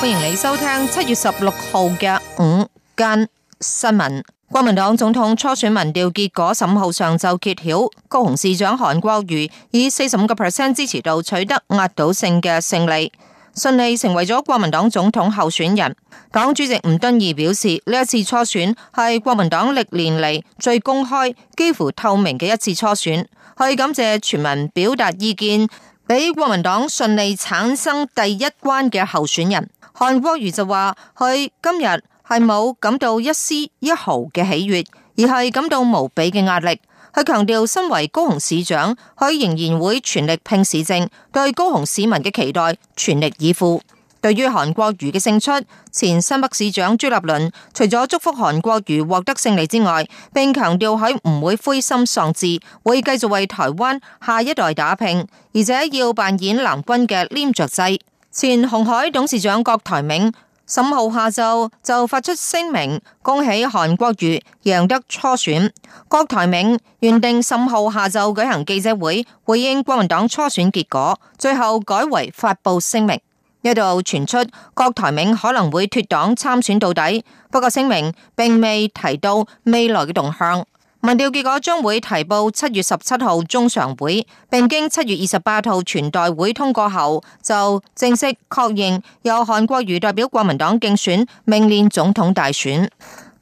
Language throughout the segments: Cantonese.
歡迎你收聽七月十六號嘅午間新聞。國民黨總統初選民調結果十五號上晝揭曉，高雄市長韓國瑜以四十五個 percent 支持度取得壓倒性嘅勝利，順利成為咗國民黨總統候選人。黨主席吳敦義表示，呢一次初選係國民黨歷年嚟最公開、幾乎透明嘅一次初選，去感謝全民表達意見。俾國民黨順利產生第一關嘅候選人，韓國瑜就話：佢今日係冇感到一絲一毫嘅喜悅，而係感到無比嘅壓力。佢強調，身為高雄市長，佢仍然會全力拼市政，對高雄市民嘅期待全力以赴。對於韓國瑜嘅勝出，前新北市長朱立倫除咗祝福韓國瑜獲得勝利之外，並強調喺唔會灰心喪志，會繼續為台灣下一代打拼，而且要扮演藍軍嘅黏着劑。前鴻海董事長郭台銘十五號下晝就發出聲明，恭喜韓國瑜贏得初選。郭台銘原定十五號下晝舉行記者會回應國民黨初選結果，最後改為發佈聲明。喺度傳出，郭台銘可能會脫黨參選到底，不過聲明並未提到未來嘅動向。民調結果將會提報七月十七號中常會，並經七月二十八號全代會通過後，就正式確認由韓國瑜代表國民黨競選明年總統大選。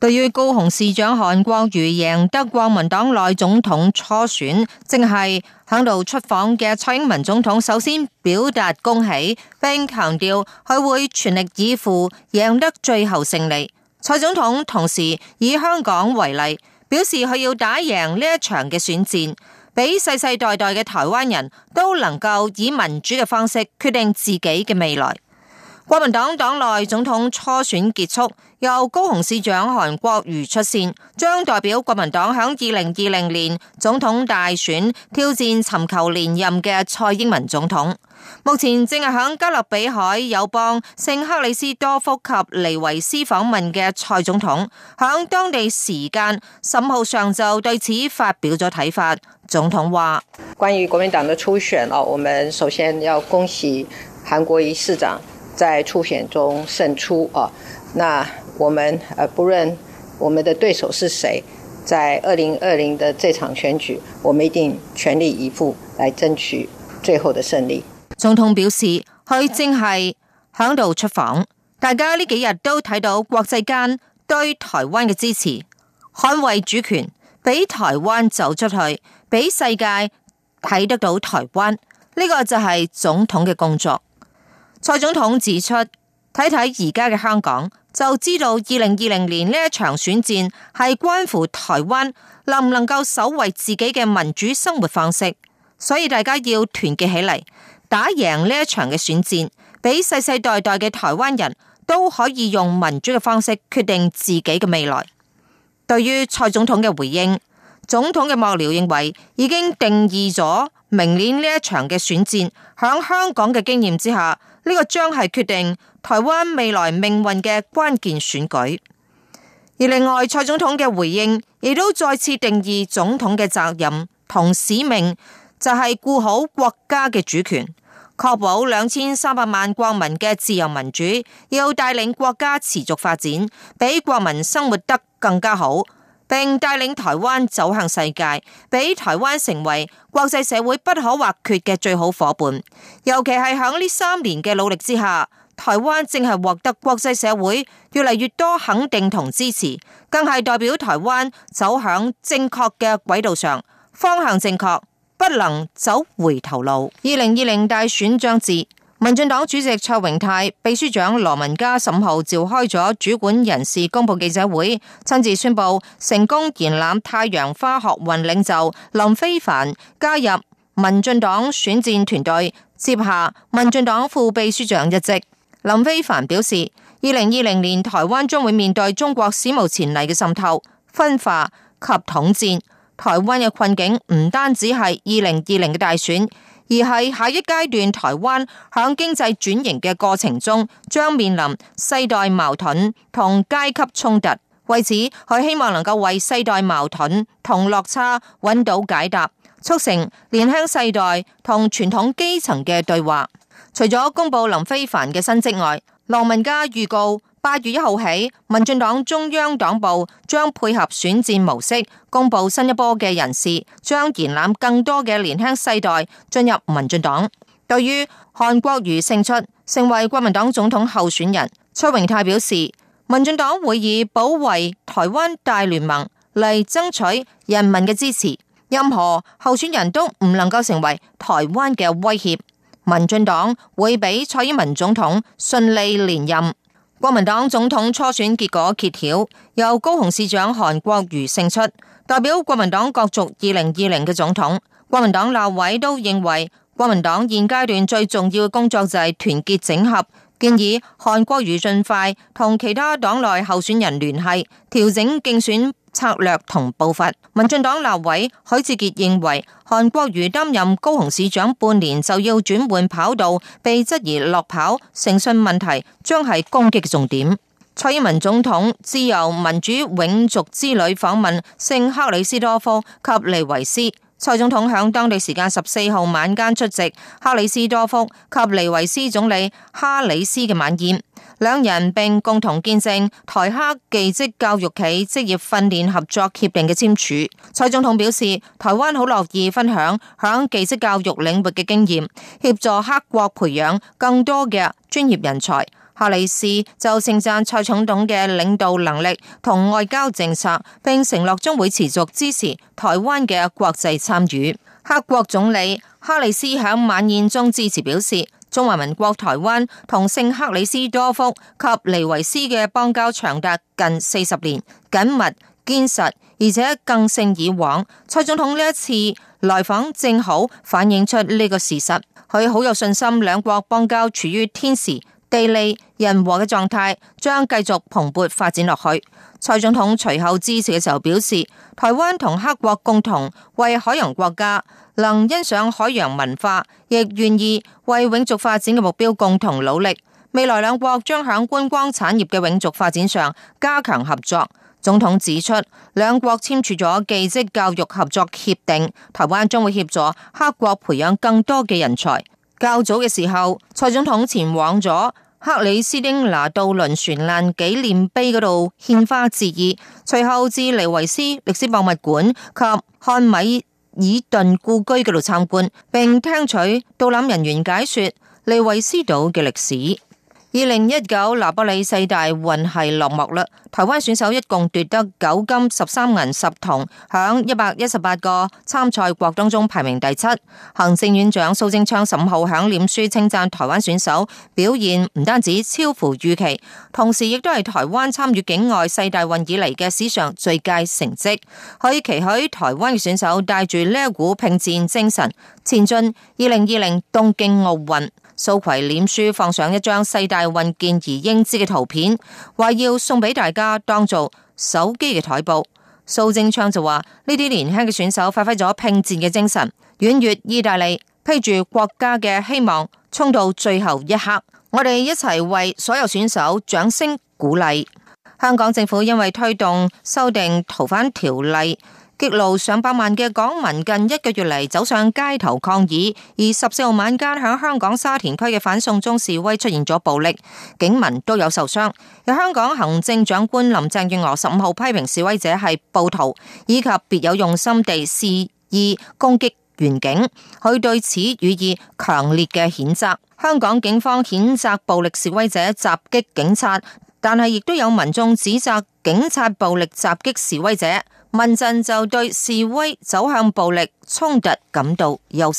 對於高雄市長韓國瑜贏得國民黨內總統初選，正係響度出訪嘅蔡英文總統首先表達恭喜，並強調佢會全力以赴贏得最後勝利。蔡總統同時以香港為例，表示佢要打贏呢一場嘅選戰，俾世世代代嘅台灣人都能夠以民主嘅方式決定自己嘅未來。國民黨黨內總統初選結束，由高雄市長韓國瑜出線，將代表國民黨響二零二零年總統大選挑戰尋求連任嘅蔡英文總統。目前正係響加勒比海友邦聖克里斯多福及尼維斯訪問嘅蔡總統，響當地時間十五號上晝對此發表咗睇法。總統話：關於國民黨嘅初選咯，我們首先要恭喜韓國瑜市長。在初選中勝出啊！那我們，呃，不論我們的對手是誰，在二零二零的這場選舉，我們一定全力以赴來爭取最後的勝利。總統表示，佢正係響度出訪，大家呢幾日都睇到國際間對台灣嘅支持，捍衛主權，俾台灣走出去，俾世界睇得到台灣，呢個就係總統嘅工作。蔡總統指出，睇睇而家嘅香港，就知道二零二零年呢一場選戰係關乎台灣能唔能夠守衛自己嘅民主生活方式，所以大家要團結起嚟，打贏呢一場嘅選戰，俾世世代代嘅台灣人都可以用民主嘅方式決定自己嘅未來。對於蔡總統嘅回應，總統嘅幕僚認為已經定義咗明年呢一場嘅選戰，響香港嘅經驗之下。呢個將係決定台灣未來命運嘅關鍵選舉，而另外蔡總統嘅回應亦都再次定義總統嘅責任同使命，就係顧好國家嘅主權，確保兩千三百萬國民嘅自由民主，要帶領國家持續發展，俾國民生活得更加好。並帶領台灣走向世界，俾台灣成為國際社會不可或缺嘅最好伙伴。尤其係響呢三年嘅努力之下，台灣正係獲得國際社會越嚟越多肯定同支持，更係代表台灣走向正確嘅軌道上，方向正確，不能走回頭路。二零二零大選將至。民進黨主席卓榮泰、秘書長羅文嘉十五號召開咗主管人事公布記者會，親自宣布成功延攬太陽花學運領袖林飛帆加入民進黨選戰團隊，接下民進黨副秘書長一職。林飛帆表示，二零二零年台灣將會面對中國史無前例嘅滲透、分化及統戰，台灣嘅困境唔單止係二零二零嘅大選。而係下一階段，台灣響經濟轉型嘅過程中，將面臨世代矛盾同階級衝突。為此，佢希望能夠為世代矛盾同落差揾到解答，促成年輕世代同傳統基層嘅對話。除咗公佈林非凡嘅新職外，羅文嘉預告。八月一號起，民進黨中央黨部將配合選戰模式，公佈新一波嘅人事，將延攬更多嘅年輕世代進入民進黨。對於韓國瑜勝出，成為國民黨總統候選人，崔榮泰表示，民進黨會以保衛台灣大聯盟嚟爭取人民嘅支持。任何候選人都唔能夠成為台灣嘅威脅，民進黨會俾蔡英文總統順利連任。國民黨總統初選結果揭曉，由高雄市長韓國瑜勝出，代表國民黨角逐二零二零嘅總統。國民黨立委都認為，國民黨現階段最重要嘅工作就係團結整合，建議韓國瑜盡快同其他黨內候選人聯繫，調整競選。策略同步伐，民進黨立委許智傑認為，韓國瑜擔任高雄市長半年就要轉換跑道，被質疑落跑誠信問題，將係攻擊重點。蔡英文總統自由民主永續之旅訪問聖克里斯多夫及利維斯。蔡總統響當地時間十四號晚間出席克里斯多福及尼維斯總理哈里斯嘅晚宴，兩人並共同見證台克技職教育企職業訓練合作協定嘅簽署。蔡總統表示，台灣好樂意分享響技職教育領域嘅經驗，協助克國培養更多嘅專業人才。哈里斯就盛讚蔡總統嘅領導能力同外交政策，並承諾將會持續支持台灣嘅國際參與。克國總理哈里斯響晚宴中致辭表示，中華民國台灣同聖克里斯多福及尼維斯嘅邦交長達近四十年，緊密堅實，而且更勝以往。蔡總統呢一次來訪正好反映出呢個事實，佢好有信心兩國邦交處於天時地利人和嘅狀態將繼續蓬勃發展落去。蔡總統隨後致辭嘅時候表示，台灣同黑國共同為海洋國家，能欣賞海洋文化，亦願意為永續發展嘅目標共同努力。未來兩國將響觀光產業嘅永續發展上加強合作。總統指出，兩國簽署咗技職教育合作協定，台灣將會協助黑國培養更多嘅人才。較早嘅時候，蔡總統前往咗克里斯丁拿渡輪船難紀念碑嗰度獻花致意，隨後至尼維斯歷史博物館及漢米爾頓故居嗰度參觀，並聽取導覽人員解說尼維斯島嘅歷史。二零一九拿坡里世大運係落幕啦，台灣選手一共奪得九金十三銀十銅，響一百一十八個參賽國當中排名第七。行政院長蘇貞昌十五號響臉書稱讚台灣選手表現唔單止超乎預期，同時亦都係台灣參與境外世大運以嚟嘅史上最佳成績，可以期許台灣嘅選手帶住呢一股拼戰精神前進二零二零東京奧運。蘇揆臉書放上一張世大運健兒英姿嘅圖片，話要送俾大家當做手機嘅桌布。蘇貞昌就話呢啲年輕嘅選手發揮咗拼戰嘅精神，遠越意大利，披住國家嘅希望，衝到最後一刻。我哋一齊為所有選手掌聲鼓勵。香港政府因為推動修訂逃犯條例，激怒上百萬嘅港民近一個月嚟，走上街頭抗議，而十四號晚間響香港沙田區嘅反送中示威出現咗暴力，警民都有受傷。有香港行政長官林鄭月娥十五號批評示威者係暴徒，以及別有用心地肆意攻擊原警，佢對此予以強烈嘅譴責。香港警方譴責暴力示威者襲擊警察，但係亦都有民眾指責警察暴力襲擊示威者。民陣就對示威走向暴力衝突感到憂心。